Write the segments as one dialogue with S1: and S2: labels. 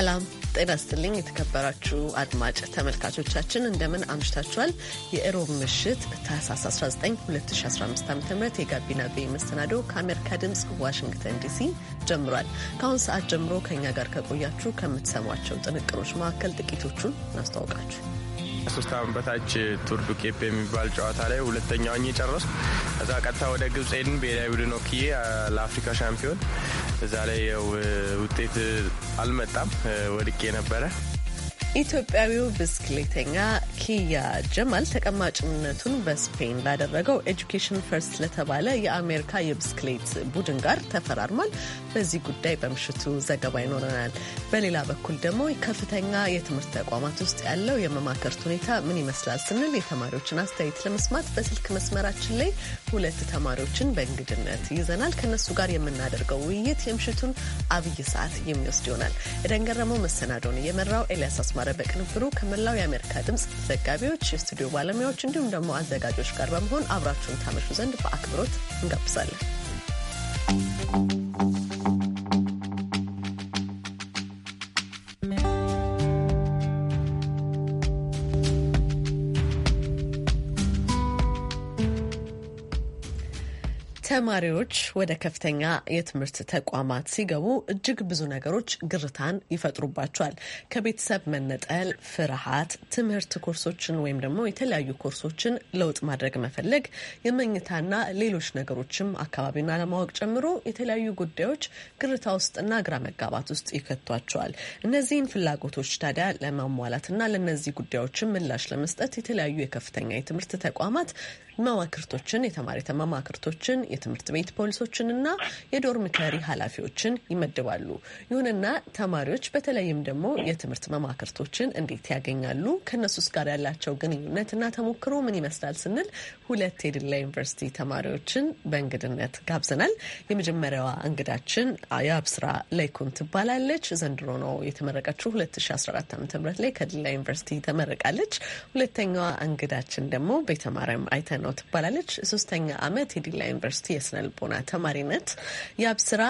S1: ሰላም ጤና ስትልኝ የተከበራችሁ አድማጭ ተመልካቾቻችን እንደምን አምሽታችኋል? የእሮብ ምሽት ታህሳስ 19 2015 ዓ ም የጋቢና ቤ መሰናዶ ከአሜሪካ ድምፅ ዋሽንግተን ዲሲ ጀምሯል። ከአሁን ሰዓት ጀምሮ ከእኛ ጋር ከቆያችሁ ከምትሰሟቸው ጥንቅሮች መካከል ጥቂቶቹን እናስተዋውቃችሁ።
S2: ሶስት አመት በታች ቱር ዱ የሚባል ጨዋታ ላይ ሁለተኛውን የጨረስ እዛ ቀጥታ ወደ ግብጽ ሄድን። ብሔራዊ ቡድን ወክዬ ለአፍሪካ ሻምፒዮን እዛ ላይ ውጤት አልመጣም፣ ወድቄ ነበረ።
S1: ኢትዮጵያዊው ብስክሌተኛ ኪያ ጀማል ተቀማጭነቱን በስፔን ላደረገው ኤጁኬሽን ፈርስት ለተባለ የአሜሪካ የብስክሌት ቡድን ጋር ተፈራርሟል። በዚህ ጉዳይ በምሽቱ ዘገባ ይኖረናል። በሌላ በኩል ደግሞ ከፍተኛ የትምህርት ተቋማት ውስጥ ያለው የመማከርት ሁኔታ ምን ይመስላል ስንል የተማሪዎችን አስተያየት ለመስማት በስልክ መስመራችን ላይ ሁለት ተማሪዎችን በእንግድነት ይዘናል። ከነሱ ጋር የምናደርገው ውይይት የምሽቱን አብይ ሰዓት የሚወስድ ይሆናል። የደንገረመው መሰናዶን የመራው ኤልያስ አስማረ በቅንብሩ ከመላው የአሜሪካ ድምፅ ዘጋቢዎች፣ የስቱዲዮ ባለሙያዎች እንዲሁም ደግሞ አዘጋጆች ጋር በመሆን አብራችሁን ታመሹ ዘንድ በአክብሮት እንጋብዛለን። ተማሪዎች ወደ ከፍተኛ የትምህርት ተቋማት ሲገቡ እጅግ ብዙ ነገሮች ግርታን ይፈጥሩባቸዋል። ከቤተሰብ መነጠል፣ ፍርሃት፣ ትምህርት ኮርሶችን ወይም ደግሞ የተለያዩ ኮርሶችን ለውጥ ማድረግ መፈለግ፣ የመኝታና ሌሎች ነገሮችም አካባቢና ለማወቅ ጨምሮ የተለያዩ ጉዳዮች ግርታ ውስጥና ግራ መጋባት ውስጥ ይከቷቸዋል። እነዚህን ፍላጎቶች ታዲያ ለማሟላትና ለእነዚህ ጉዳዮችን ምላሽ ለመስጠት የተለያዩ የከፍተኛ የትምህርት ተቋማት መማክርቶችን፣ የተማሪ ተመማክርቶችን፣ የትምህርት ቤት ፖሊሶችንና የዶርሚተሪ ኃላፊዎችን ይመድባሉ። ይሁንና ተማሪዎች በተለይም ደግሞ የትምህርት መማክርቶችን እንዴት ያገኛሉ? ከእነሱስ ጋር ያላቸው ግንኙነት እና ተሞክሮ ምን ይመስላል ስንል ሁለት የድላ ዩኒቨርሲቲ ተማሪዎችን በእንግድነት ጋብዘናል። የመጀመሪያዋ እንግዳችን የአብስራ ላይኩን ትባላለች። ዘንድሮ ነው የተመረቀችው 2014 ዓ ም ላይ ከድላ ዩኒቨርሲቲ ተመርቃለች። ሁለተኛዋ እንግዳችን ደግሞ ቤተማርያም አይተ ነው ትባላለች። ሶስተኛ አመት የዲላ ዩኒቨርሲቲ የስነልቦና ተማሪነት የአብስራ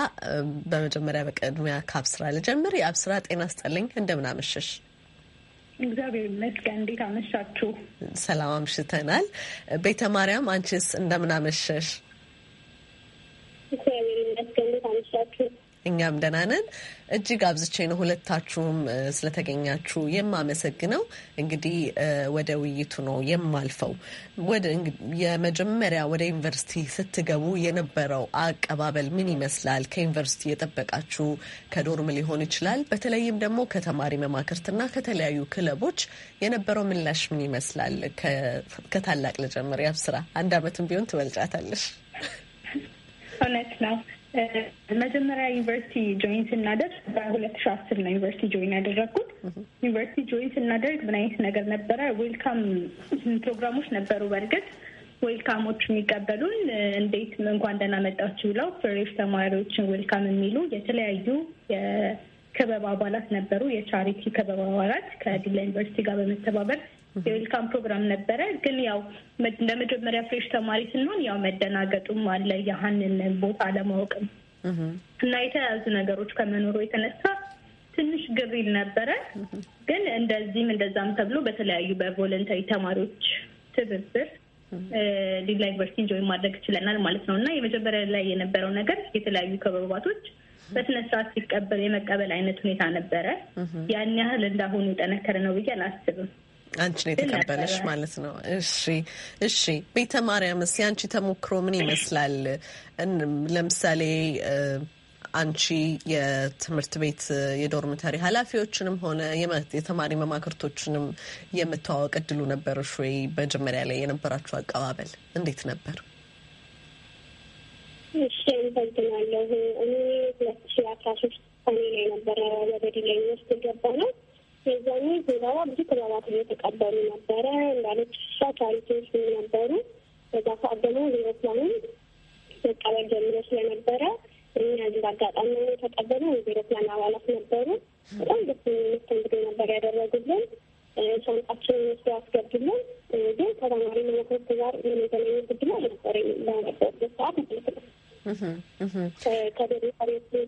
S1: በመጀመሪያ በቅድሚያ ከአብስራ ልጀምር። የአብስራ ጤና ስጠለኝ አመሸሽ?
S3: እግዚአብሔር ይመስገን። እንዴት አመሻችሁ?
S1: ሰላም አምሽተናል። ቤተ ማርያም አንቺስ እንደምን አመሸሽ እኛም ደህና ነን። እጅግ አብዝቼ ነው ሁለታችሁም ስለተገኛችሁ የማመሰግነው። እንግዲህ ወደ ውይይቱ ነው የማልፈው። የመጀመሪያ ወደ ዩኒቨርሲቲ ስትገቡ የነበረው አቀባበል ምን ይመስላል? ከዩኒቨርሲቲ የጠበቃችሁ ከዶርም ሊሆን ይችላል፣ በተለይም ደግሞ ከተማሪ መማክርትና ከተለያዩ ክለቦች የነበረው ምላሽ ምን ይመስላል? ከታላቅ ልጀምር። ያብስራ አንድ አመትም ቢሆን ትበልጫታለሽ።
S3: እውነት ነው። መጀመሪያ ዩኒቨርሲቲ ጆይን ስናደርግ በሁለት ሺ አስር ነው ዩኒቨርሲቲ ጆይን ያደረግኩት። ዩኒቨርሲቲ ጆይን ስናደርግ ምን አይነት ነገር ነበረ? ዌልካም ፕሮግራሞች ነበሩ። በእርግጥ ዌልካሞች የሚቀበሉን እንዴት እንኳን ደህና መጣችሁ ብለው ፍሬሽ ተማሪዎችን ዌልካም የሚሉ የተለያዩ የክበብ አባላት ነበሩ። የቻሪቲ ክበብ አባላት ከዲላ ዩኒቨርሲቲ ጋር በመተባበር የዌልካም ፕሮግራም ነበረ። ግን ያው ለመጀመሪያ ፍሬሽ ተማሪ ስንሆን ያው መደናገጡም አለ ያህንን ቦታ አለማወቅም እና የተያያዙ ነገሮች ከመኖሩ የተነሳ ትንሽ ግሪል ነበረ። ግን እንደዚህም እንደዛም ተብሎ በተለያዩ በቮለንተሪ ተማሪዎች ትብብር ሌላ ዩኒቨርሲቲ ጆይን ማድረግ ይችለናል ማለት ነው እና የመጀመሪያ ላይ የነበረው ነገር የተለያዩ ክበባቶች በስነ ስርዓት ሲቀበል የመቀበል አይነት ሁኔታ ነበረ። ያን ያህል እንዳሁኑ የጠነከረ ነው ብዬ አላስብም።
S1: አንቺ ነው የተቀበለሽ ማለት ነው። እሺ እሺ። ቤተ ማርያምስ የአንቺ ተሞክሮ ምን ይመስላል? ለምሳሌ አንቺ የትምህርት ቤት የዶርምተሪ ኃላፊዎችንም ሆነ የተማሪ መማክርቶችንም የምተዋወቅ እድሉ ነበረሽ ወይ? መጀመሪያ ላይ የነበራችሁ አቀባበል እንዴት ነበር?
S4: እሺ አመሰግናለሁ። እኔ ሁለት ሺ አስራ ሶስት ሰኔ ላይ ነበረ ወደ ዲላይ ውስጥ ገባ ነው የዛኔ ዜናዋ ብዙ ክበባት እየተቀበሉ ነበረ እንዳለች ሻ ቻሪቲዎች ነበሩ። በዛ ሰዓት ደግሞ ዜሮፕላኑን መቀበል ጀምሮ ስለነበረ እኛ እንደ አጋጣሚ ነው የተቀበሉ የዜሮፕላን አባላት ነበሩ። በጣም ደስ የሚመስተንግዶ ነበር ያደረጉልን። ሻንጣችን ውስጥ ያስገቡልን። ግን ከተማሪ ለመክረት ጋር የመገናኘ ግድል አልነበረ በነበረበት ሰዓት ማለት ነው። ከደሪ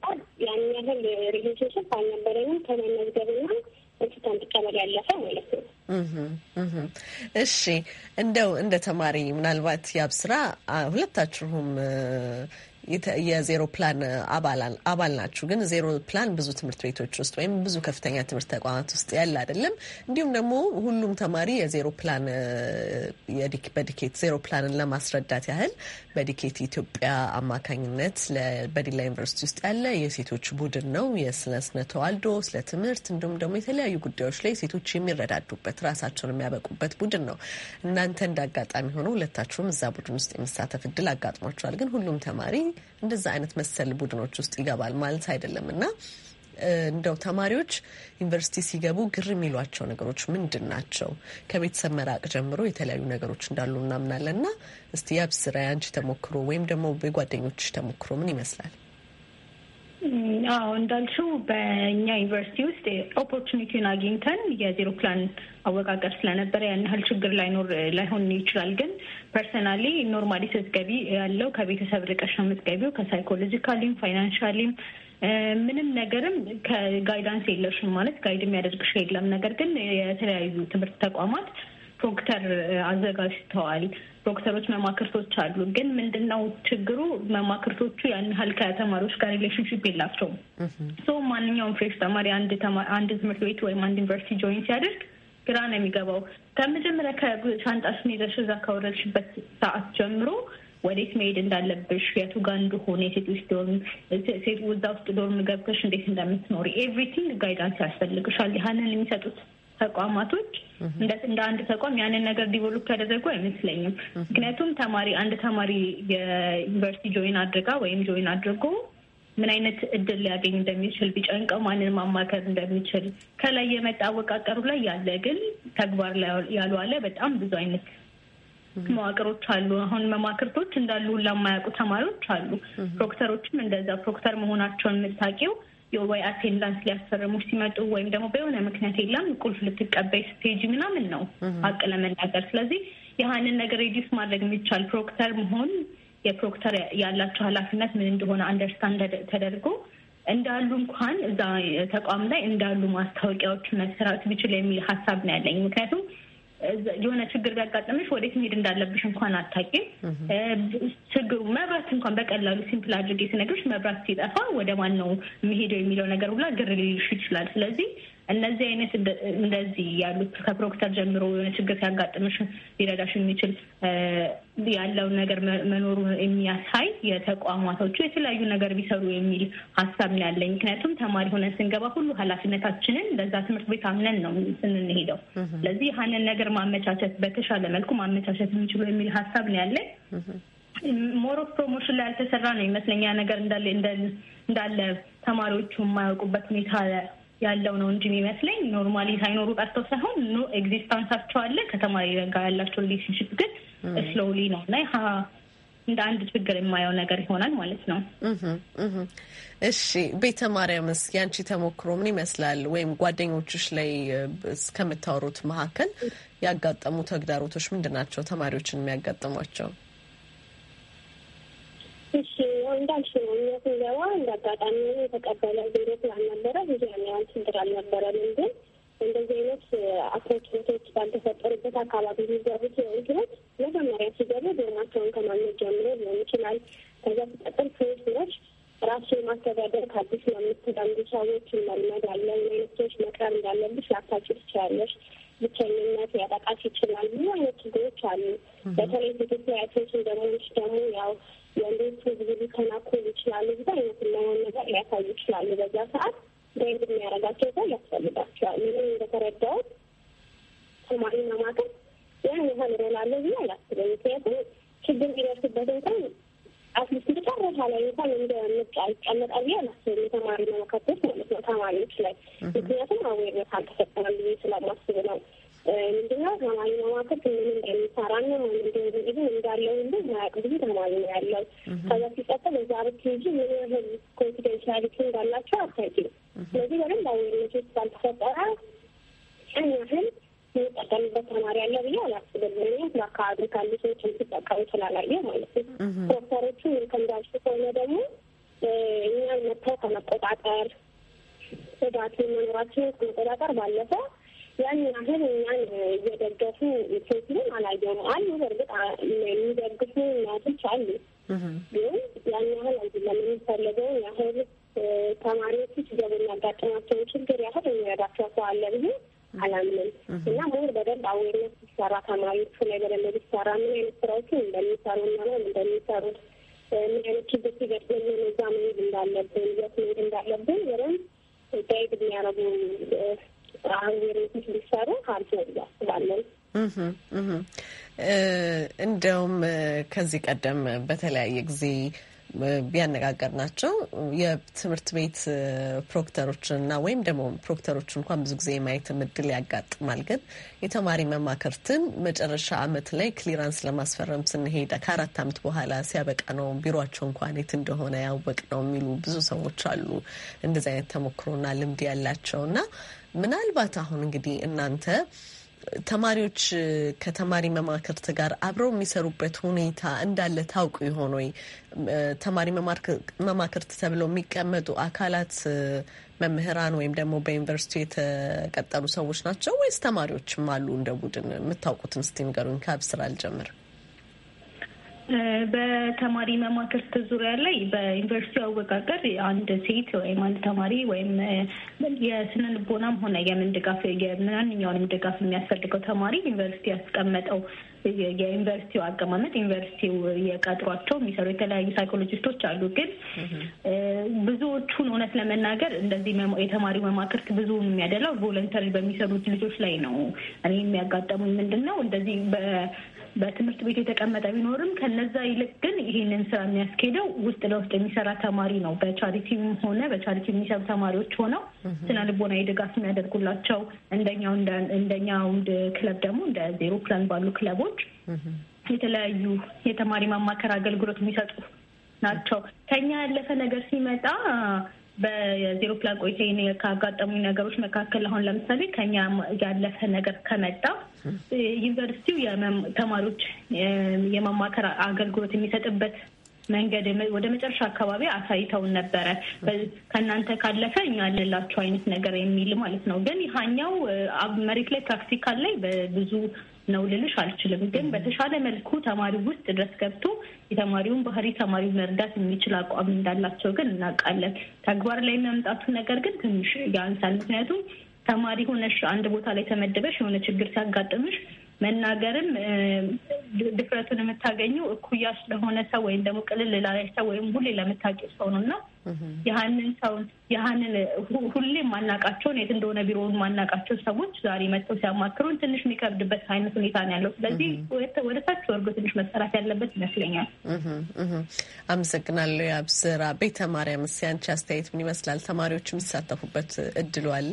S4: ጋር ያን ያህል ሪሌሽንሽፕ አልነበረንም ከመመዝገብና ሆስፒታል እንዲቀመጥ ያለፈ ማለት ነው።
S1: እሺ እንደው እንደ ተማሪ ምናልባት ያብስራ ሁለታችሁም የዜሮ ፕላን አባል ናችሁ። ግን ዜሮ ፕላን ብዙ ትምህርት ቤቶች ውስጥ ወይም ብዙ ከፍተኛ ትምህርት ተቋማት ውስጥ ያለ አይደለም። እንዲሁም ደግሞ ሁሉም ተማሪ የዜሮ ፕላን በዲኬት ዜሮ ፕላንን ለማስረዳት ያህል በዲኬት ኢትዮጵያ አማካኝነት በዲላ ዩኒቨርሲቲ ውስጥ ያለ የሴቶች ቡድን ነው። የስለ ስነ ተዋልዶ፣ ስለ ትምህርት እንዲሁም ደግሞ የተለያዩ ጉዳዮች ላይ ሴቶች የሚረዳዱበት በመስጠት ራሳቸውን የሚያበቁበት ቡድን ነው። እናንተ እንደ አጋጣሚ ሆኖ ሁለታችሁም እዛ ቡድን ውስጥ የመሳተፍ እድል አጋጥሟቸዋል። ግን ሁሉም ተማሪ እንደዛ አይነት መሰል ቡድኖች ውስጥ ይገባል ማለት አይደለም እና እንደው ተማሪዎች ዩኒቨርሲቲ ሲገቡ ግር የሚሏቸው ነገሮች ምንድን ናቸው? ከቤተሰብ መራቅ ጀምሮ የተለያዩ ነገሮች እንዳሉ እናምናለን እና እስቲ ያብስራ ያንቺ ተሞክሮ ወይም ደግሞ የጓደኞች ተሞክሮ ምን ይመስላል?
S3: አዎ እንዳልሽው በእኛ ዩኒቨርሲቲ ውስጥ ኦፖርቹኒቲውን አግኝተን የዜሮ ፕላን አወቃቀር ስለነበረ ያን ያህል ችግር ላይኖር ላይሆን ይችላል። ግን ፐርሰናሊ ኖርማሊ ስትገቢ ያለው ከቤተሰብ ርቀሽ ነው የምትገቢው። ከሳይኮሎጂካሊም ፋይናንሻሊም ምንም ነገርም ከጋይዳንስ የለሽም ማለት ጋይድ የሚያደርግሽ የለም። ነገር ግን የተለያዩ ትምህርት ተቋማት ፕሮክተር አዘጋጅተዋል። ፕሮክተሮች መማክርቶች አሉ። ግን ምንድነው ችግሩ? መማክርቶቹ ያን ያህል ከተማሪዎች ጋር ሪሌሽንሽፕ የላቸውም። ሶ ማንኛውም ፍሬሽ ተማሪ አንድ ትምህርት ቤት ወይም አንድ ዩኒቨርሲቲ ጆይን ሲያደርግ ግራ ነው የሚገባው። ከመጀመሪያ ከሻንጣሽን ይዘሽ እዛ ከወረድሽበት ሰዓት ጀምሮ ወዴት መሄድ እንዳለብሽ የቱ ጋ እንደሆነ የሴቶች ዶርም ሴት እዛ ውስጥ ዶርም ገብተሽ እንዴት እንደምትኖሪ ኤቭሪቲንግ ጋይዳንስ ያስፈልግሻል። ያንን የሚሰጡት ተቋማቶች እንደ አንድ ተቋም ያንን ነገር ዲቨሎፕ ያደረጉ አይመስለኝም። ምክንያቱም ተማሪ አንድ ተማሪ የዩኒቨርሲቲ ጆይን አድርጋ ወይም ጆይን አድርጎ ምን አይነት እድል ሊያገኝ እንደሚችል ቢጨንቀው ማንን ማማከር እንደሚችል ከላይ የመጣ አወቃቀሩ ላይ ያለ ግን ተግባር ላይ ያልዋለ በጣም ብዙ አይነት መዋቅሮች አሉ። አሁን መማክርቶች እንዳሉ ሁላ የማያውቁ ተማሪዎች አሉ። ፕሮክተሮችም እንደዛ ፕሮክተር መሆናቸውን የምታውቂው ወይ አቴንዳንስ ሊያስፈርሙሽ ሲመጡ ወይም ደግሞ በሆነ ምክንያት የለም ቁልፍ ልትቀበይ ስቴጅ ምናምን ነው አቅ ለመናገር ስለዚህ ያህንን ነገር ሬዲስ ማድረግ የሚቻል ፕሮክተር መሆን የፕሮክተር ያላቸው ኃላፊነት ምን እንደሆነ አንደርስታንድ ተደርጎ እንዳሉ እንኳን እዛ ተቋም ላይ እንዳሉ ማስታወቂያዎች መሰራት ቢችል የሚል ሀሳብ ነው ያለኝ። ምክንያቱም የሆነ ችግር ቢያጋጥምሽ ወዴት መሄድ እንዳለብሽ እንኳን አታውቂም። ችግሩ መብራት እንኳን በቀላሉ ሲምፕል አድርጌ ስነግርሽ መብራት ሲጠፋ ወደ ማን ነው የሚሄደው የሚለው ነገር ሁላ ግር ሊልሽ ይችላል። ስለዚህ እነዚህ አይነት እንደዚህ ያሉት ከፕሮክተር ጀምሮ የሆነ ችግር ሲያጋጥምሽ ሊረዳሽ የሚችል ያለውን ነገር መኖሩ የሚያሳይ የተቋማቶቹ የተለያዩ ነገር ቢሰሩ የሚል ሀሳብ ነው ያለኝ። ምክንያቱም ተማሪ ሆነን ስንገባ ሁሉ ኃላፊነታችንን ለዛ ትምህርት ቤት አምነን ነው ስንንሄደው። ስለዚህ ያንን ነገር ማመቻቸት በተሻለ መልኩ ማመቻቸት የሚችሉ የሚል ሀሳብ ነው ያለኝ። ሞሮፍ ፕሮሞሽን ላይ ያልተሰራ ነው ይመስለኛ ነገር እንዳለ ተማሪዎቹ የማያውቁበት ሁኔታ ያለው ነው እንጂ የሚመስለኝ ኖርማሊ ሳይኖሩ ቀርተው ሳይሆን ኖ ኤግዚስታንሳቸው አለ ከተማሪ ጋር ያላቸው ሪሌሽንሽፕ ግን ስሎሊ ነው እና እንደ አንድ ችግር የማየው ነገር ይሆናል ማለት ነው።
S1: እሺ ቤተ ማርያምስ ያንቺ ተሞክሮ ምን ይመስላል? ወይም ጓደኞችሽ ላይ እስከምታወሩት መካከል ያጋጠሙ ተግዳሮቶች ምንድን ናቸው? ተማሪዎችን የሚያጋጥሟቸው?
S4: እሺ እንዳልሽ ነው። እኛ ስንገባ እንደ አጋጣሚ የተቀበለ ዜሮ ስላልነበረ ብዙ ያን ያህል ችግር አልነበረንም። ግን እንደዚህ አይነት አፕሮችነቶች ባልተፈጠሩበት አካባቢ የሚገቡት እንትኖች መጀመሪያ ሲገቡ ዶርማቸውን ከማግኘት ጀምሮ ሊሆን ይችላል። ከዛ ሲቀጥል ፕሬስ ድረስ ራሱ የማስተዳደር ከአዲስ ለምትዳምዱ ሰዎች መልመድ አለ። ሌሎች መቅረብ እንዳለብሽ ላታችሁ ትችላለች። ብቸኝነት ያጠቃሽ ይችላል። ብዙ አይነት ችግሮች አሉ። በተለይ ሴቶች ላይ ሴቶች ደግሞ ደግሞ ያው ወንዶች ሊተናኮሉ ይችላሉ። ብዛ አይነት ለሆን ነገር ሊያሳዩ ይችላሉ። በዛ ሰዓት ደንግ የሚያደርጋቸው ሰው ያስፈልጋቸዋል። ምንም እንደተረዳሁት ተማሪ መማከር ያን ያህል ሮል አለው ብዬ አላስብም። ምክንያቱም ችግር ቢደርስበት እንኳን አትሊስት መጨረሻ ላይ እንኳን እንደ ምርጫ ይቀመጣል ብዬ አላስብም። የተማሪ መመካቶች ማለት ነው ተማሪዎች ላይ ምክንያቱም አዌርነት አልተፈጠረም ብዬ ስለማስብ ነው። ምንድነው ተማሪ መማከል ምን እንደሚሰራ ና ምንድ ጊዜ እንዳለው ሁሉ ማያቅ ብዙ ተማሪ ነው ያለው። ከዛ ሲቀጥል እዛ ብትሄጂ ምን ያህል ኮንፊደንሻሊቲ እንዳላቸው አታውቂም። ስለዚህ በደንብ ውስጥ ባልተፈጠረ ያን ያህል የሚጠቀምበት ተማሪ አለ ብዬ አላስብም። ምክንያት በአካባቢ ካሉ ሰዎች ሲጠቀሙ ስላላየ ማለት ነው። ዶክተሮቹ ምን ከንዳሱ ከሆነ ደግሞ እኛን መጥተው ከመቆጣጠር ስጋት መኖራችን ከመቆጣጠር ባለፈው too, it
S1: ከዚህ ቀደም በተለያየ ጊዜ ቢያነጋገር ናቸው የትምህርት ቤት ፕሮክተሮችንና ወይም ደግሞ ፕሮክተሮች እንኳን ብዙ ጊዜ የማየት ምድል ያጋጥማል። ግን የተማሪ መማክርትን መጨረሻ አመት ላይ ክሊራንስ ለማስፈረም ስንሄድ ከአራት አመት በኋላ ሲያበቃ ነው ቢሮቸው እንኳን የት እንደሆነ ያወቅ ነው የሚሉ ብዙ ሰዎች አሉ። እንደዚህ አይነት ተሞክሮና ልምድ ያላቸው ና ምናልባት አሁን እንግዲህ እናንተ ተማሪዎች ከተማሪ መማክርት ጋር አብረው የሚሰሩበት ሁኔታ እንዳለ ታውቁ ይሆን ወይ? ተማሪ መማክርት ተብለው የሚቀመጡ አካላት መምህራን ወይም ደግሞ በዩኒቨርሲቲ የተቀጠሉ ሰዎች ናቸው ወይስ ተማሪዎችም አሉ? እንደ ቡድን የምታውቁትን እስቲ ንገሩኝ። ከአብ አልጀምር
S3: በተማሪ መማክርት ዙሪያ ላይ በዩኒቨርሲቲ አወቃቀር አንድ ሴት ወይም አንድ ተማሪ ወይም የስነ ልቦናም ሆነ የምን ድጋፍ የማንኛውንም ድጋፍ የሚያስፈልገው ተማሪ ዩኒቨርሲቲ ያስቀመጠው የዩኒቨርሲቲው አቀማመጥ ዩኒቨርሲቲው የቀጥሯቸው የሚሰሩ የተለያዩ ሳይኮሎጂስቶች አሉ። ግን ብዙዎቹን እውነት ለመናገር እንደዚህ የተማሪ መማክርት ብዙውን የሚያደላው ቮለንተሪ በሚሰሩት ልጆች ላይ ነው። እኔ የሚያጋጠሙኝ ምንድን ነው እንደዚህ በትምህርት ቤት የተቀመጠ ቢኖርም ከነዛ ይልቅ ግን ይህንን ስራ የሚያስኬደው ውስጥ ለውስጥ የሚሰራ ተማሪ ነው። በቻሪቲም ሆነ በቻሪቲ የሚሰሩ ተማሪዎች ሆነው ስነ ልቦናዊ ድጋፍ የሚያደርጉላቸው እንደኛው እንደኛው ክለብ ደግሞ እንደ ዜሮ ፕላን ባሉ ክለቦች የተለያዩ የተማሪ ማማከር አገልግሎት የሚሰጡ ናቸው። ከኛ ያለፈ ነገር ሲመጣ በዜሮ ፕላን ቆይታ ካጋጠሙኝ ነገሮች መካከል አሁን ለምሳሌ ከኛ ያለፈ ነገር ከመጣ ዩኒቨርሲቲው ተማሪዎች የማማከር አገልግሎት የሚሰጥበት መንገድ ወደ መጨረሻ አካባቢ አሳይተውን ነበረ። ከእናንተ ካለፈ እኛ ያለላቸው አይነት ነገር የሚል ማለት ነው። ግን ይሀኛው መሬት ላይ ፕራክቲካል ላይ በብዙ ነው ልልሽ አልችልም። ግን በተሻለ መልኩ ተማሪው ውስጥ ድረስ ገብቶ የተማሪውን ባህሪ ተማሪው መርዳት የሚችል አቋም እንዳላቸው ግን እናውቃለን። ተግባር ላይ መምጣቱ ነገር ግን ትንሽ ያንሳል። ምክንያቱም ተማሪ ሆነሽ አንድ ቦታ ላይ ተመድበሽ የሆነ ችግር ሲያጋጥምሽ መናገርም ድፍረቱን የምታገኘው እኩያ ስለሆነ ሰው ወይም ደግሞ ቅልል ላለሽ ሰው ወይም ሁሌ ለምታውቂው ሰው ነው እና ያንን ሰው ያንን ሁሌም ማናቃቸውን የት እንደሆነ ቢሮውን ማናቃቸው ሰዎች ዛሬ መጥተው ሲያማክሩን ትንሽ የሚከብድበት አይነት ሁኔታ ነው ያለው። ስለዚህ ወደ ታች ወርዶ ትንሽ መሰራት ያለበት ይመስለኛል።
S1: አመሰግናለሁ። የአብስራ ቤተ ማርያም፣ እስኪ አስተያየት ምን ይመስላል? ተማሪዎች የሚሳተፉበት እድሉ አለ?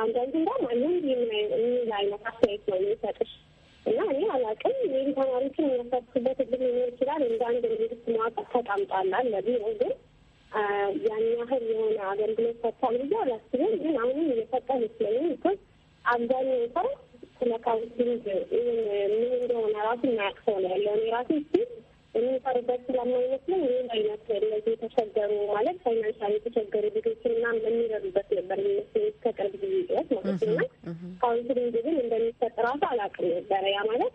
S4: አንዳንድ እንዲያውም አንዳንድ የሚል አይነት አስተያየት ነው የሚሰጥሽ እና እኔ አላውቅም። ይህ ተማሪዎችን የሚያሳትፉበት እድል ሊኖር ይችላል። እንደ አንድ መንግስት መዋቅር ተቀምጣላል ለቢሮ ግን ያን ያህል የሆነ አገልግሎት ሰጥቷል ብዬ አላስብም። ግን አሁንም እየሰጠ ይመስለኛል። ቢኮዝ አብዛኛው ሰው ስለ ካውንስሊንግ ምን እንደሆነ ራሱ የማያውቅ ሰው ነው ያለው። እኔ ራሴ የሚሰሩበት ስለማይመስለኝ ይህም አይነት እነዚህ የተቸገሩ ማለት ፋይናንሻል የተቸገሩ ልጆችን ምናምን በሚረዱበት ነበር የሚመስለኝ እስከ ቅርብ ጊዜ ድረስ ማለት ነው። ካውንስሊንግ ግን እንደሚሰጥ ራሱ አላውቅም ነበረ። ያ ማለት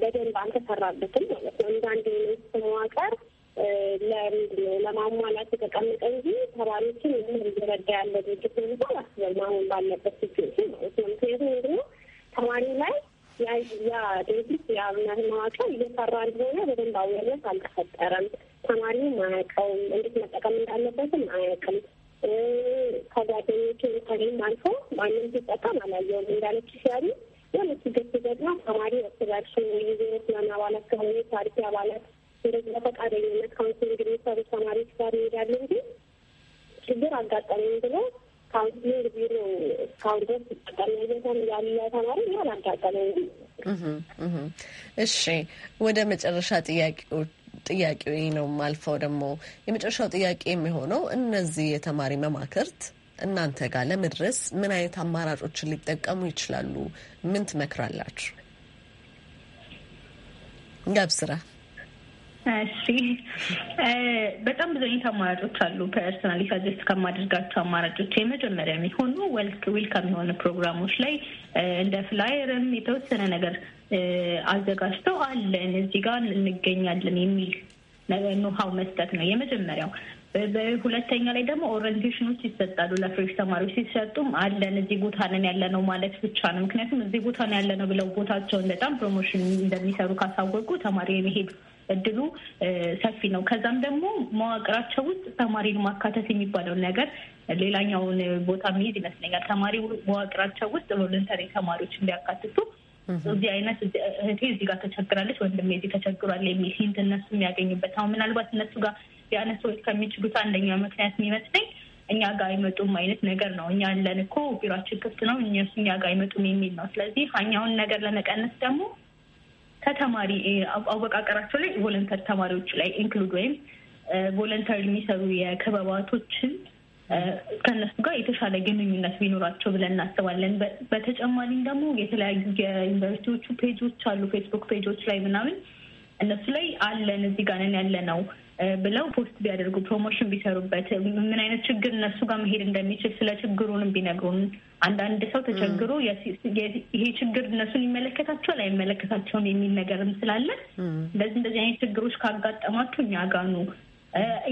S4: በደንብ አልተሰራበትም ማለት ነው። እንደ አንድ የመንግስት መዋቅር ለምንድነው ለማሟላት የተቀመጠ እንጂ ተማሪዎችን ይህ እየረዳ ያለ ድርጅት ነው አላስብም። አሁን ባለበት ሲገኝ ማለት ነው ያ ድርጅት የአብነት መዋቅር እየሰራ እንደሆነ በደንብ አዌርነት አልተፈጠረም። ተማሪውም አያውቀውም፣ እንዴት መጠቀም እንዳለበትም አያውቅም። ከጓደኞቹ ከኔም አልፎ ማንም ሲጠቀም አላየውም። እንዳለች ሲያሉ የሆነ ችግር ሲገጥማ ተማሪ ወስዳሽ በርሱ የዜሮፕላን አባላት ከሆኑ የታሪክ አባላት እንደዚህ በፈቃደኝነት ካውንስሊንግ የሚሰሩ ተማሪዎች ጋር ይሄዳሉ እንጂ ችግር አጋጠመኝ ብሎ ካውንስሊንግ ቢሮ እስካሁን ድረስ ሲጠቀም ያለ ተማሪ ይሆን አጋጠመኝ
S1: እሺ፣ ወደ መጨረሻ ጥያቄዎች ጥያቄ ነው ማልፈው። ደግሞ የመጨረሻው ጥያቄ የሚሆነው እነዚህ የተማሪ መማክርት እናንተ ጋር ለመድረስ ምን አይነት አማራጮችን ሊጠቀሙ ይችላሉ? ምን ትመክራላችሁ?
S3: ጋብስራ እሺ በጣም ብዙ አይነት አማራጮች አሉ። ፐርሰናሊ ሳጀስት ከማደርጋቸው አማራጮች የመጀመሪያ የሚሆኑ ወልክ ዌልካም የሆኑ ፕሮግራሞች ላይ እንደ ፍላየርም የተወሰነ ነገር አዘጋጅተው አለን እዚህ ጋር እንገኛለን የሚል ኖሃው መስጠት ነው የመጀመሪያው። በሁለተኛ ላይ ደግሞ ኦሪንቴሽኖች ይሰጣሉ ለፍሬሽ ተማሪዎች ሲሰጡም አለን እዚህ ቦታ ነን ያለ ነው ማለት ብቻ ነው። ምክንያቱም እዚህ ቦታ ነው ያለ ነው ብለው ቦታቸውን በጣም ፕሮሞሽን እንደሚሰሩ ካሳወቁ ተማሪ የመሄድ እድሉ ሰፊ ነው። ከዛም ደግሞ መዋቅራቸው ውስጥ ተማሪን ማካተት የሚባለው ነገር ሌላኛውን ቦታ የሚይዝ ይመስለኛል። ተማሪ መዋቅራቸው ውስጥ ቮለንተሪ ተማሪዎች እንዲያካትቱ እዚህ አይነት እህቴ እዚህ ጋር ተቸግራለች፣ ወንድሜ እዚህ ተቸግሯል የሚል ሂንት እነሱ የሚያገኙበት አሁን ምናልባት እነሱ ጋር ሊያነሱት ከሚችሉት አንደኛው ምክንያት የሚመስለኝ እኛ ጋር አይመጡም አይነት ነገር ነው። እኛ ያለን እኮ ቢሯችን ክፍት ነው፣ እኛ ጋር አይመጡም የሚል ነው። ስለዚህ ሀኛውን ነገር ለመቀነስ ደግሞ ከተማሪ አወቃቀራቸው ላይ ቮለንተር ተማሪዎች ላይ ኢንክሉድ ወይም ቮለንተር የሚሰሩ የክበባቶችን ከእነሱ ጋር የተሻለ ግንኙነት ቢኖራቸው ብለን እናስባለን። በተጨማሪም ደግሞ የተለያዩ የዩኒቨርሲቲዎቹ ፔጆች አሉ ፌስቡክ ፔጆች ላይ ምናምን እነሱ ላይ አለን እዚህ ጋር ነን ያለ ነው ብለው ፖስት ቢያደርጉ ፕሮሞሽን ቢሰሩበት ምን አይነት ችግር እነሱ ጋር መሄድ እንደሚችል ስለ ችግሩንም ቢነግሩን። አንዳንድ ሰው ተቸግሮ ይሄ ችግር እነሱን ይመለከታቸዋል አይመለከታቸውም የሚል ነገርም ስላለ እንደዚህ እንደዚህ አይነት ችግሮች ካጋጠማችሁ እኛ ጋኑ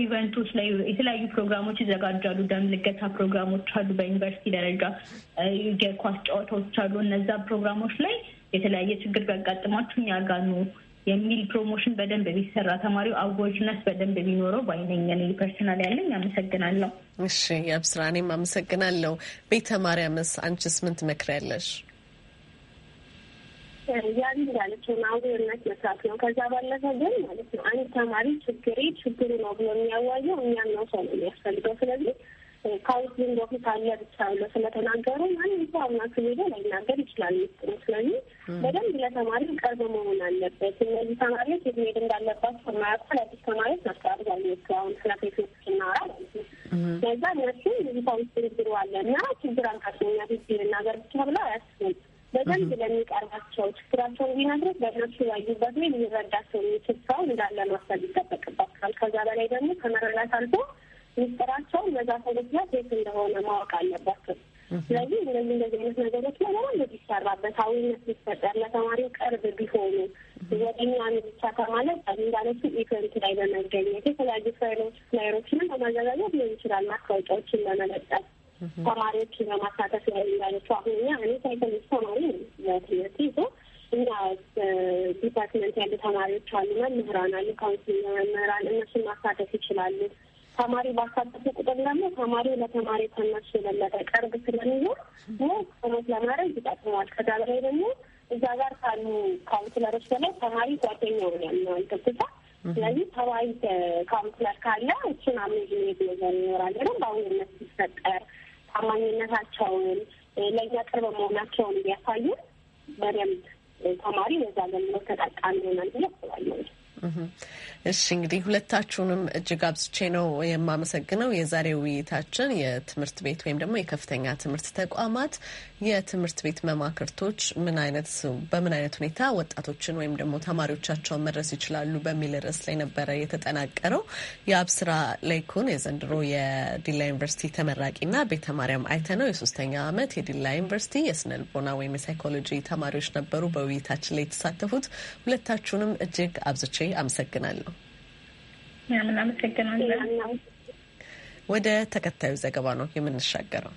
S3: ኢቨንቶች ላይ የተለያዩ ፕሮግራሞች ይዘጋጃሉ። ደም ልገታ ፕሮግራሞች አሉ። በዩኒቨርሲቲ ደረጃ የኳስ ጨዋታዎች አሉ። እነዛ ፕሮግራሞች ላይ የተለያየ ችግር ቢያጋጥማችሁ እኛ ጋኑ የሚል ፕሮሞሽን በደንብ ቢሰራ ተማሪው አጎጅነት በደንብ ቢኖረው ባይነኝ ፐርሰናል ያለኝ አመሰግናለሁ። እሺ አብስራ፣ እኔም
S1: አመሰግናለሁ። ቤተ ማርያምስ አንቺስ ምን ትመክሪያለሽ?
S4: ያሉ ያለችው አዋርነት መስራት ነው። ከዛ ባለፈ ግን ማለት ነው አንድ ተማሪ ችግሬ ችግሩ ነው ብሎ የሚያዋየው እኛም ነው ሰው ነው የሚያስፈልገው። ስለዚህ ካውንስሊንግ ኦፊስ አለ ብቻ ብሎ ስለተናገሩ ማንም ሰው አምናችሁ ሄዶ ላይናገር ይችላል። ምስጥሩ ስለዚህ በደንብ ለተማሪ ቀርብ መሆን አለበት። እነዚህ ተማሪዎች የመሄድ እንዳለባቸው ማያውቁ አዳዲስ ተማሪዎች ናቸው አብዛኛው አሁን ስለ ፌስቡክ ስናወራ ማለት ነው። ለዛ እነሱ እዚህ ካውንስ ድርድሩ አለ እና ችግር አንካስኛ ፊት ልናገር ብቻ ብለው አያስቡም። በደንብ ለሚቀርባቸው ችግራቸውን ቢነግሩት በእነሱ ያዩበት ወይ ሊረዳቸው የሚችል ሰው እንዳለ ማሰብ ይጠበቅባቸዋል። ከዛ በላይ ደግሞ ከመረዳት አልፎ ሚስጥራቸውን በዛ ሰው ምክንያት የት እንደሆነ ማወቅ አለባቸው። ስለዚህ እንደዚህ እንደዚህ አይነት ነገሮች ላይ በጣም ቢሰራበት አዊነት ቢፈጠር ለተማሪው ቅርብ ቢሆኑ ወደ ብቻ ከማለት እንዳለች ኢቨንት ላይ በመገኘት የተለያዩ ፋይሎች ፍላየሮችንም በማዘጋጀት ሊሆን ይችላል። ማስታወቂያዎችን በመለጠፍ ተማሪዎችን በማሳተፍ ላይ እንዳለችው አሁን እኛ እኔ ሳይኮሎጂ ተማሪ ትምህርት ይዞ እኛ ዲፓርትመንት ያሉ ተማሪዎች አሉ፣ መምህራን አሉ፣ ካውንስሊንግ መምህራን እነሱን ማሳተፍ ይችላሉ። ተማሪ ባሳተፉ ቁጥር ደግሞ ተማሪው ለተማሪ ተነሱ የበለጠ ቀርብ ስለሚኖር ሞ ጸሎት ለማድረግ ይጠቅመዋል። ከዛ በላይ ደግሞ እዛ ጋር ካሉ ካውንስለሮች በላይ ተማሪ ጓደኛው ያለዋል ትኩታ ስለዚህ ተማሪ ካውንስለር ካለ እሱን አሜዝሜት ነገር ይኖራል። ደግሞ አሁንነት ሲፈጠር ታማኝነታቸውን ለእኛ ቅርብ መሆናቸውን እያሳዩ በደንብ ተማሪ በዛ ገምኖ ተጠቃሚ ይሆናል ብዬ አስባለሁ።
S1: እሺ እንግዲህ ሁለታችሁንም እጅግ አብዝቼ ነው የማመሰግነው። የዛሬው ውይይታችን የትምህርት ቤት ወይም ደግሞ የከፍተኛ ትምህርት ተቋማት የትምህርት ቤት መማክርቶች ምን አይነት በምን አይነት ሁኔታ ወጣቶችን ወይም ደግሞ ተማሪዎቻቸውን መድረስ ይችላሉ በሚል ርዕስ ላይ ነበረ የተጠናቀረው። የአብስራ ላይኩን የዘንድሮ የዲላ ዩኒቨርሲቲ ተመራቂና ቤተ ማርያም ነው። የሶስተኛ ዓመት የዲላ ዩኒቨርሲቲ የስነ ልቦና ወይም የሳይኮሎጂ ተማሪዎች ነበሩ በውይይታችን ላይ የተሳተፉት። ሁለታችሁንም እጅግ አብዝቼ አመሰግናለሁ። ወደ ተከታዩ ዘገባ ነው የምንሻገረው።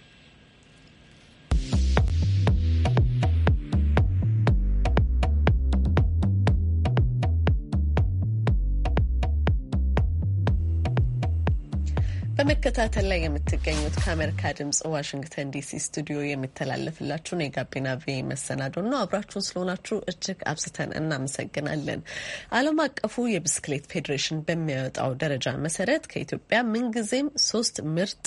S1: በመከታተል ላይ የምትገኙት ከአሜሪካ ድምጽ ዋሽንግተን ዲሲ ስቱዲዮ የሚተላለፍላችሁን የጋቢና ቪ መሰናዶ ነው። አብራችሁን ስለሆናችሁ እጅግ አብዝተን እናመሰግናለን። ዓለም አቀፉ የብስክሌት ፌዴሬሽን በሚያወጣው ደረጃ መሰረት ከኢትዮጵያ ምንጊዜም ሶስት ምርጥ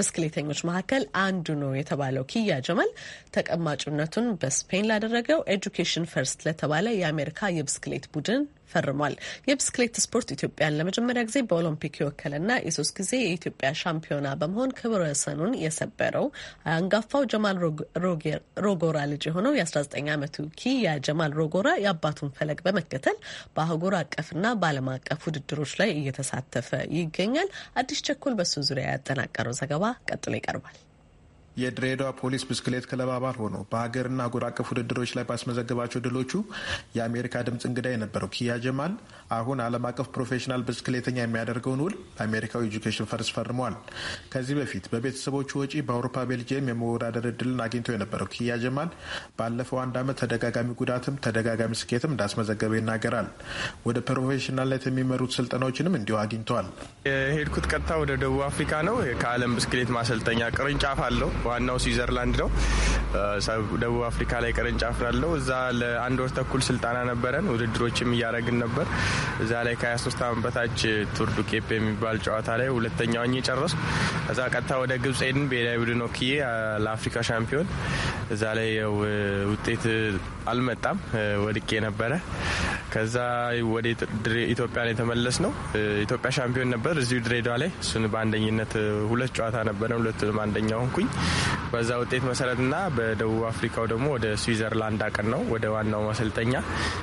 S1: ብስክሌተኞች መካከል አንዱ ነው የተባለው ኪያ ጀማል ተቀማጭነቱን በስፔን ላደረገው ኤጁኬሽን ፈርስት ለተባለ የአሜሪካ የብስክሌት ቡድን ፈርሟል። የብስክሌት ስፖርት ኢትዮጵያን ለመጀመሪያ ጊዜ በኦሎምፒክ የወከለና የሶስት ጊዜ የኢትዮጵያ ሻምፒዮና በመሆን ክብረ ወሰኑን የሰበረው አንጋፋው ጀማል ሮጎራ ልጅ የሆነው የ19 ዓመቱ ኪያ ጀማል ሮጎራ የአባቱን ፈለግ በመከተል በአህጉር አቀፍና በዓለም አቀፍ ውድድሮች ላይ እየተሳተፈ ይገኛል። አዲስ ቸኮል በሱ ዙሪያ ያጠናቀረው ዘገባ ቀጥሎ ይቀርባል።
S5: የድሬዳዋ ፖሊስ ብስክሌት ክለብ አባል ሆኖ በሀገርና አህጉር አቀፍ ውድድሮች ላይ ባስመዘገባቸው ድሎቹ የአሜሪካ ድምፅ እንግዳ የነበረው ኪያ ጀማል አሁን ዓለም አቀፍ ፕሮፌሽናል ብስክሌተኛ የሚያደርገውን ውል ለአሜሪካዊ ኤጁኬሽን ፈርስ ፈርመዋል። ከዚህ በፊት በቤተሰቦቹ ወጪ በአውሮፓ ቤልጅየም የመወዳደር እድልን አግኝቶ የነበረው ኪያ ጀማል ባለፈው አንድ ዓመት ተደጋጋሚ ጉዳትም ተደጋጋሚ ስኬትም እንዳስመዘገበ ይናገራል። ወደ ፕሮፌሽናልነት የሚመሩት ስልጠናዎችንም እንዲሁ አግኝተዋል።
S2: የሄድኩት ቀጥታ ወደ ደቡብ አፍሪካ ነው። ከዓለም ብስክሌት ማሰልጠኛ ቅርንጫፍ አለው ዋናው ስዊዘርላንድ ነው። ደቡብ አፍሪካ ላይ ቅርንጫፍ ላለው እዛ ለአንድ ወር ተኩል ስልጠና ነበረን። ውድድሮችም እያደረግን ነበር። እዛ ላይ ከ23 ዓመት በታች ቱርዱ ዱ ኬፕ የሚባል ጨዋታ ላይ ሁለተኛ ኝ ጨረስኩ። እዛ ቀጥታ ወደ ግብጽ ሄድን። ብሔራዊ ቡድን ወክዬ ለአፍሪካ ሻምፒዮን እዛ ላይ ውጤት አልመጣም፣ ወድቄ ነበረ። ከዛ ወደ ኢትዮጵያ ነው የተመለስ ነው። ኢትዮጵያ ሻምፒዮን ነበር እዚሁ ድሬዳዋ ላይ እሱን በአንደኝነት ሁለት ጨዋታ ነበረ፣ ሁለቱንም አንደኛ ሆንኩኝ። በዛ ውጤት መሰረትና በደቡብ አፍሪካው ደግሞ ወደ ስዊዘርላንድ አቀን ነው ወደ ዋናው ማሰልጠኛ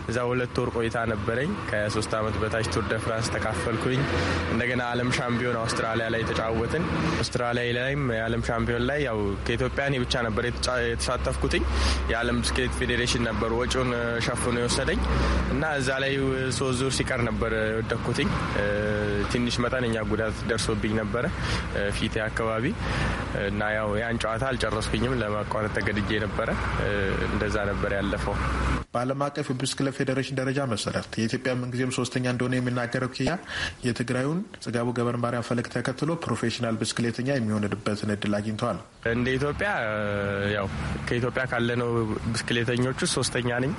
S2: እዛ ሁለት ወር ቆይታ ነበረኝ። ከሶስት ዓመት በታች ቱር ደ ፍራንስ ተካፈልኩኝ። እንደገና ዓለም ሻምፒዮን አውስትራሊያ ላይ ተጫወትን። አውስትራሊያ ላይም የዓለም ሻምፒዮን ላይ ያው ከኢትዮጵያ እኔ ብቻ ነበር የተሳተፍኩትኝ። የዓለም ብስክሌት ፌዴሬሽን ነበር ወጪውን ሸፍኖ የወሰደኝ እና እዛ ላይ ሶስት ዙር ሲቀር ነበር የወደኩትኝ። ትንሽ መጠነኛ ጉዳት ደርሶብኝ ነበረ ፊቴ አካባቢ እና ያው ያን ጨዋታ አልጨረስኩኝም፣ ለማቋረጥ ተገድጄ ነበረ። እንደዛ ነበር ያለፈው። በዓለም አቀፍ የብስክሌት
S5: ፌዴሬሽን ደረጃ መሰረት የኢትዮጵያ ምንጊዜም ሶስተኛ እንደሆነ የሚናገረው ኬንያ የትግራዩን ጽጋቡ ገብረ ማርያም ፈለግ ተከትሎ ፕሮፌሽናል ብስክሌተኛ የሚሆንበትን እድል አግኝተዋል።
S2: እንደ ኢትዮጵያ ያው ከኢትዮጵያ ካለነው ብስክሌተኞች ውስጥ ሶስተኛ ነኝ።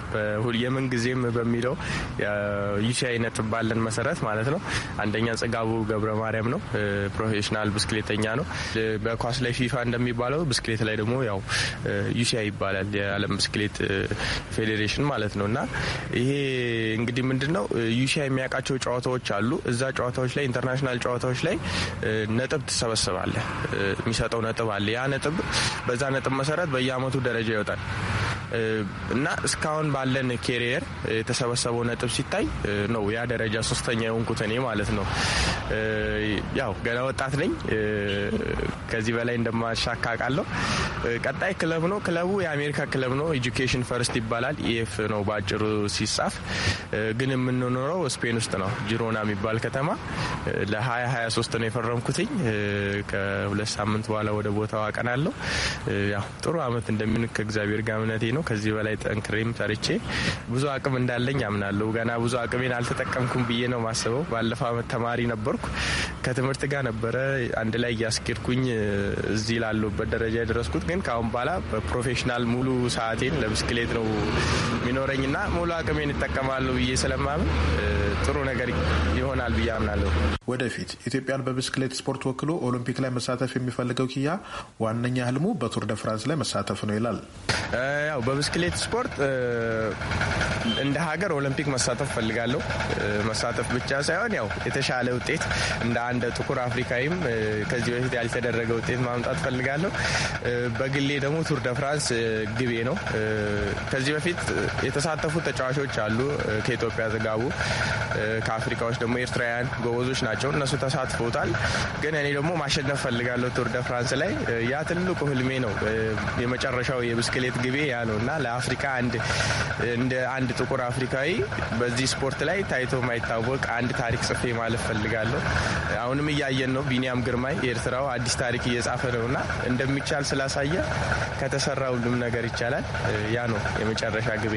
S2: የምንጊዜም በሚለው ዩሲአይ ነጥብ ባለን መሰረት ማለት ነው። አንደኛ ጽጋቡ ገብረ ማርያም ነው። ፕሮፌሽናል ብስክሌተኛ ነው። በኳስ ላይ ፊፋ እንደሚባለው ብስክሌት ላይ ደግሞ ያው ዩሲአይ ይባላል። የዓለም ብስክሌት ፌዴሬሽን ፌዴሬሽን ማለት ነው እና ይሄ እንግዲህ ምንድን ነው ዩሻ የሚያውቃቸው ጨዋታዎች አሉ። እዛ ጨዋታዎች ላይ ኢንተርናሽናል ጨዋታዎች ላይ ነጥብ ትሰበስባለ የሚሰጠው ነጥብ አለ። ያ ነጥብ በዛ ነጥብ መሰረት በየአመቱ ደረጃ ይወጣል። እና እስካሁን ባለን ኬሪየር የተሰበሰበው ነጥብ ሲታይ ነው ያ ደረጃ ሶስተኛ የሆንኩት እኔ ማለት ነው። ያው ገና ወጣት ነኝ። ከዚህ በላይ እንደማሻካ ቃለው ቀጣይ ክለብ ነው። ክለቡ የአሜሪካ ክለብ ነው። ኤጁኬሽን ፈርስት ይባላል። ኢኤፍ e ነው በአጭሩ ሲጻፍ። ግን የምንኖረው ስፔን ውስጥ ነው፣ ጅሮና የሚባል ከተማ። ለ2023 ነው የፈረምኩትኝ። ከሁለት ሳምንት በኋላ ወደ ቦታው አቀናለሁ። ያው ጥሩ አመት እንደሚሆን ከእግዚአብሔር ጋር እምነቴ ነው። ነው። ከዚህ በላይ ጠንክሬም ሰርቼ ብዙ አቅም እንዳለኝ አምናለሁ። ገና ብዙ አቅሜን አልተጠቀምኩም ብዬ ነው ማስበው። ባለፈው አመት ተማሪ ነበርኩ። ከትምህርት ጋር ነበረ አንድ ላይ እያስኬድኩኝ እዚህ ላለሁበት ደረጃ የደረስኩት። ግን ከአሁን በኋላ በፕሮፌሽናል ሙሉ ሰዓቴን ለብስክሌት ነው የሚኖረኝ እና ሙሉ አቅሜን እጠቀማለሁ ብዬ ስለማምን ጥሩ ነገር ይሆናል ብዬ አምናለሁ። ወደፊት
S5: ኢትዮጵያን በብስክሌት ስፖርት ወክሎ ኦሎምፒክ ላይ መሳተፍ የሚፈልገው ኪያ ዋነኛ ህልሙ በቱር ደ ፍራንስ ላይ መሳተፍ ነው ይላል።
S2: ያው በብስክሌት ስፖርት እንደ ሀገር ኦሎምፒክ መሳተፍ ፈልጋለሁ። መሳተፍ ብቻ ሳይሆን ያው የተሻለ ውጤት እንደ አንድ ጥቁር አፍሪካዊም ከዚህ በፊት ያልተደረገ ውጤት ማምጣት ፈልጋለሁ። በግሌ ደግሞ ቱር ደ ፍራንስ ግቤ ነው። ከዚህ በፊት የተሳተፉ ተጫዋቾች አሉ። ከኢትዮጵያ ዘጋቡ፣ ከአፍሪካዎች ደግሞ ኤርትራውያን ጎበዞች ናቸው። እነሱ ተሳትፈውታል። ግን እኔ ደግሞ ማሸነፍ ፈልጋለሁ ቱር ደ ፍራንስ ላይ ያ ትልቁ ህልሜ ነው። የመጨረሻው የብስክሌት ግቤ ያ ነው። ነው እና ለአፍሪካ እንደ አንድ ጥቁር አፍሪካዊ በዚህ ስፖርት ላይ ታይቶ ማይታወቅ አንድ ታሪክ ጽፌ ማለፍ ፈልጋለሁ። አሁንም እያየን ነው። ቢኒያም ግርማይ የኤርትራው አዲስ ታሪክ እየጻፈ ነው እና እንደሚቻል ስላሳየ ከተሰራ ሁሉም ነገር ይቻላል። ያ ነው የመጨረሻ ግቤ።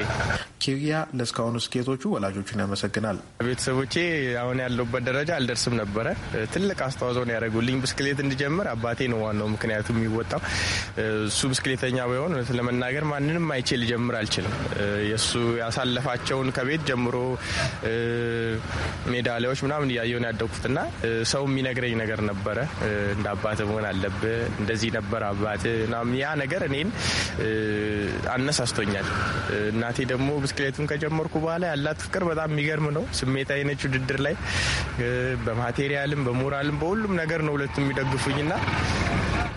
S5: ኪውያ ለእስካሁኑ ስኬቶቹ ወላጆቹን ያመሰግናል።
S2: ቤተሰቦቼ አሁን ያለሁበት ደረጃ አልደርስም ነበረ። ትልቅ አስተዋጽኦ ነው ያደረጉልኝ። ብስክሌት እንድጀምር አባቴ ነው ዋናው ምክንያቱ የሚወጣው እሱ ብስክሌተኛ ቢሆን ለመናገር ማንንም አይቼ ሊጀምር አልችልም። የእሱ ያሳለፋቸውን ከቤት ጀምሮ ሜዳሊያዎች ምናምን እያየውን ያደግኩትና ሰው የሚነግረኝ ነገር ነበረ። እንደ አባት መሆን አለብህ፣ እንደዚህ ነበር አባት ምናምን። ያ ነገር እኔን አነሳስቶኛል። እናቴ ደግሞ ብስክሌቱን ከጀመርኩ በኋላ ያላት ፍቅር በጣም የሚገርም ነው። ስሜት አይነች ውድድር ላይ በማቴሪያልም፣ በሞራልም፣ በሁሉም ነገር ነው ሁለቱም የሚደግፉኝና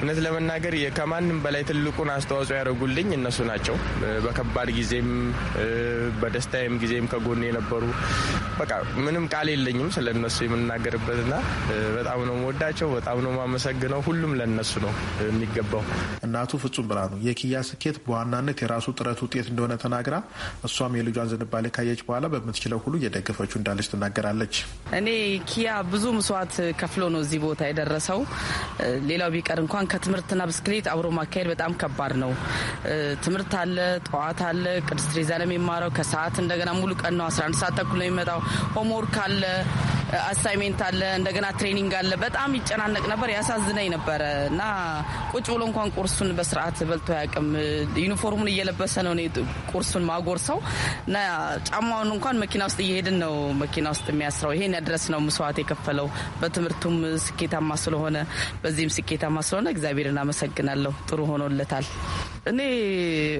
S2: እውነት ለመናገር ከማንም በላይ ትልቁን አስተዋጽኦ ያደረጉልኝ እነሱ ናቸው። በከባድ ጊዜም በደስታዬም ጊዜም ከጎን የነበሩ በቃ ምንም ቃል የለኝም ስለ እነሱ የምናገርበትና በጣም ነው መወዳቸው፣ በጣም ነው ማመሰግነው። ሁሉም ለእነሱ ነው የሚገባው። እናቱ ፍጹም
S5: ብርሃኑ የኪያ ስኬት በዋናነት የራሱ ጥረት ውጤት እንደሆነ ተናግራ እሷም የልጇን ዝንባሌ ካየች በኋላ በምትችለው ሁሉ እየደገፈችው እንዳለች ትናገራለች።
S6: እኔ ኪያ ብዙ መስዋዕት ከፍሎ ነው እዚህ ቦታ የደረሰው። ሌላው ቢቀር እንኳን አሁን ከትምህርትና ብስክሌት አብሮ ማካሄድ በጣም ከባድ ነው። ትምህርት አለ፣ ጠዋት አለ፣ ቅድስት ትሬዛ ነው የሚማረው ከሰዓት እንደገና ሙሉ ቀን ነው፣ 11 ሰዓት ተኩል ነው የሚመጣው። ሆምወርክ አለ አሳይሜንት አለ፣ እንደገና ትሬኒንግ አለ። በጣም ይጨናነቅ ነበር፣ ያሳዝነኝ ነበረ እና ቁጭ ብሎ እንኳን ቁርሱን በስርዓት በልቶ አያውቅም። ዩኒፎርሙን እየለበሰ ነው ቁርሱን ማጎርሰው እና ጫማውን እንኳን መኪና ውስጥ እየሄድን ነው መኪና ውስጥ የሚያስረው። ይሄን ያድረስ ነው መስዋዕት የከፈለው በትምህርቱም ስኬታማ ስለሆነ በዚህም ስኬታማ ስለሆነ እግዚአብሔርን አመሰግናለሁ። ጥሩ ሆኖለታል። እኔ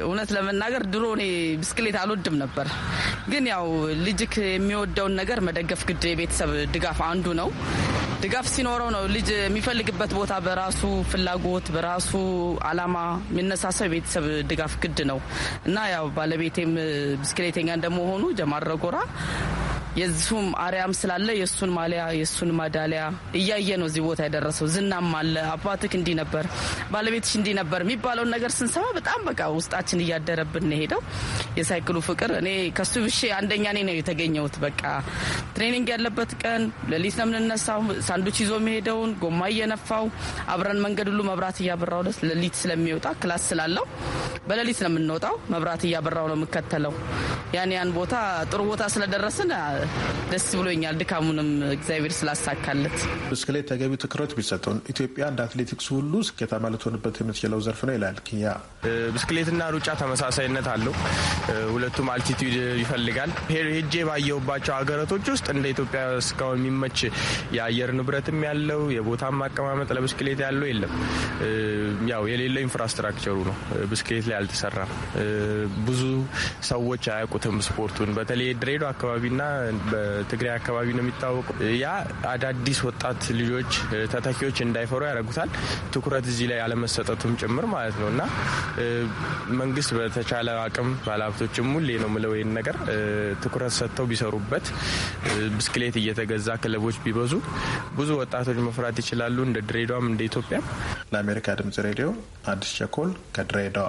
S6: እውነት ለመናገር ድሮ እኔ ብስክሌት አልወድም ነበር፣ ግን ያው ልጅክ የሚወደውን ነገር መደገፍ ግድ የቤተሰብ ድጋፍ አንዱ ነው። ድጋፍ ሲኖረው ነው ልጅ የሚፈልግበት ቦታ በራሱ ፍላጎት በራሱ አላማ የሚነሳሰው የቤተሰብ ድጋፍ ግድ ነው እና ያው ባለቤቴም ብስክሌተኛ እንደመሆኑ ጀማረጎራ። የሱም አርያም ስላለ የእሱን ማሊያ የእሱን ማዳሊያ እያየ ነው እዚህ ቦታ የደረሰው። ዝናም አለ አባትክ እንዲህ ነበር፣ ባለቤትሽ እንዲህ ነበር የሚባለውን ነገር ስንሰማ በጣም በቃ ውስጣችን እያደረብን ነው ሄደው። የሳይክሉ ፍቅር እኔ ከሱ ብሼ አንደኛ ኔ ነው የተገኘሁት። በቃ ትሬኒንግ ያለበት ቀን ሌሊት ነው የምንነሳው። ሳንዱች ይዞ የሚሄደውን ጎማ እየነፋው አብረን መንገድ ሁሉ መብራት እያበራው ሌሊት ስለሚወጣ ክላስ ስላለው በሌሊት ነው የምንወጣው። መብራት እያበራው ነው የምከተለው። ያን ያን ቦታ ጥሩ ቦታ ስለደረስን ደስ ብሎኛል፣ ድካሙንም እግዚአብሔር ስላሳካለት።
S5: ብስክሌት ተገቢ ትኩረት ቢሰጠውን ኢትዮጵያ እንደ አትሌቲክስ ሁሉ ስኬታማ ልትሆንበት የምትችለው ዘርፍ ነው ይላል ኪያ።
S2: ብስክሌትና ሩጫ ተመሳሳይነት አለው። ሁለቱም አልቲቲዩድ ይፈልጋል። ሄጄ ባየሁባቸው ሀገራቶች ውስጥ እንደ ኢትዮጵያ እስካሁን የሚመች የአየር ንብረትም ያለው የቦታም አቀማመጥ ለብስክሌት ያለው የለም። ያው የሌለው ኢንፍራስትራክቸሩ ነው። ብስክሌት ላይ አልተሰራም። ብዙ ሰዎች አያውቁትም ስፖርቱን። በተለይ ድሬዳዋ አካባቢና በትግራይ አካባቢ ነው የሚታወቀው ያ አዳዲስ ወጣት ልጆች ተተኪዎች እንዳይፈሩ ያደርጉታል። ትኩረት እዚህ ላይ ያለመሰጠቱም ጭምር ማለት ነው እና መንግስት በተቻለ አቅም ባለሀብቶችም ሁሌ ነው ምለው ይህን ነገር ትኩረት ሰጥተው ቢሰሩበት፣ ብስክሌት እየተገዛ ክለቦች ቢበዙ ብዙ ወጣቶች መፍራት ይችላሉ። እንደ ድሬዳዋም እንደ ኢትዮጵያም
S5: ለአሜሪካ ድምጽ ሬዲዮ አዲስ ቸኮል ከድሬዳዋ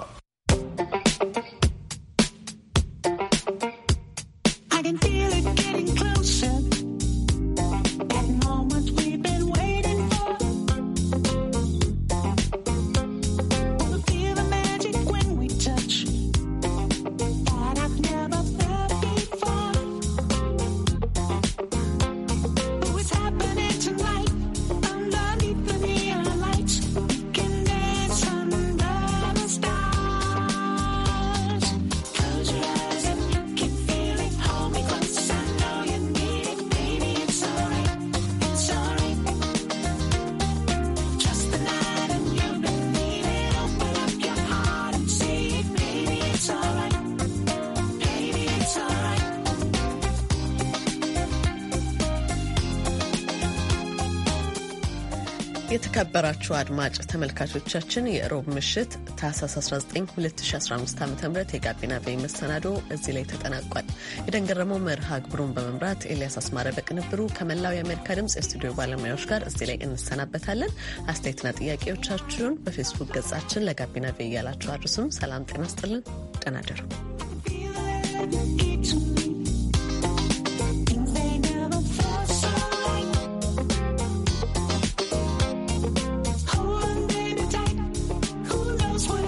S1: የተከበራችሁ አድማጭ ተመልካቾቻችን የሮብ ምሽት ታህሳስ 19 2015 ዓ ም የጋቢና ቤይ መሰናዶ እዚህ ላይ ተጠናቋል። የደንገረመው መርሃ ግብሩን በመምራት ኤልያስ አስማረ በቅንብሩ ከመላው የአሜሪካ ድምፅ የስቱዲዮ ባለሙያዎች ጋር እዚህ ላይ እንሰናበታለን። አስተያየትና ጥያቄዎቻችሁን በፌስቡክ ገጻችን ለጋቢና ቤይ እያላችሁ አድርሱም። ሰላም ጤና ስጥልን። ደህና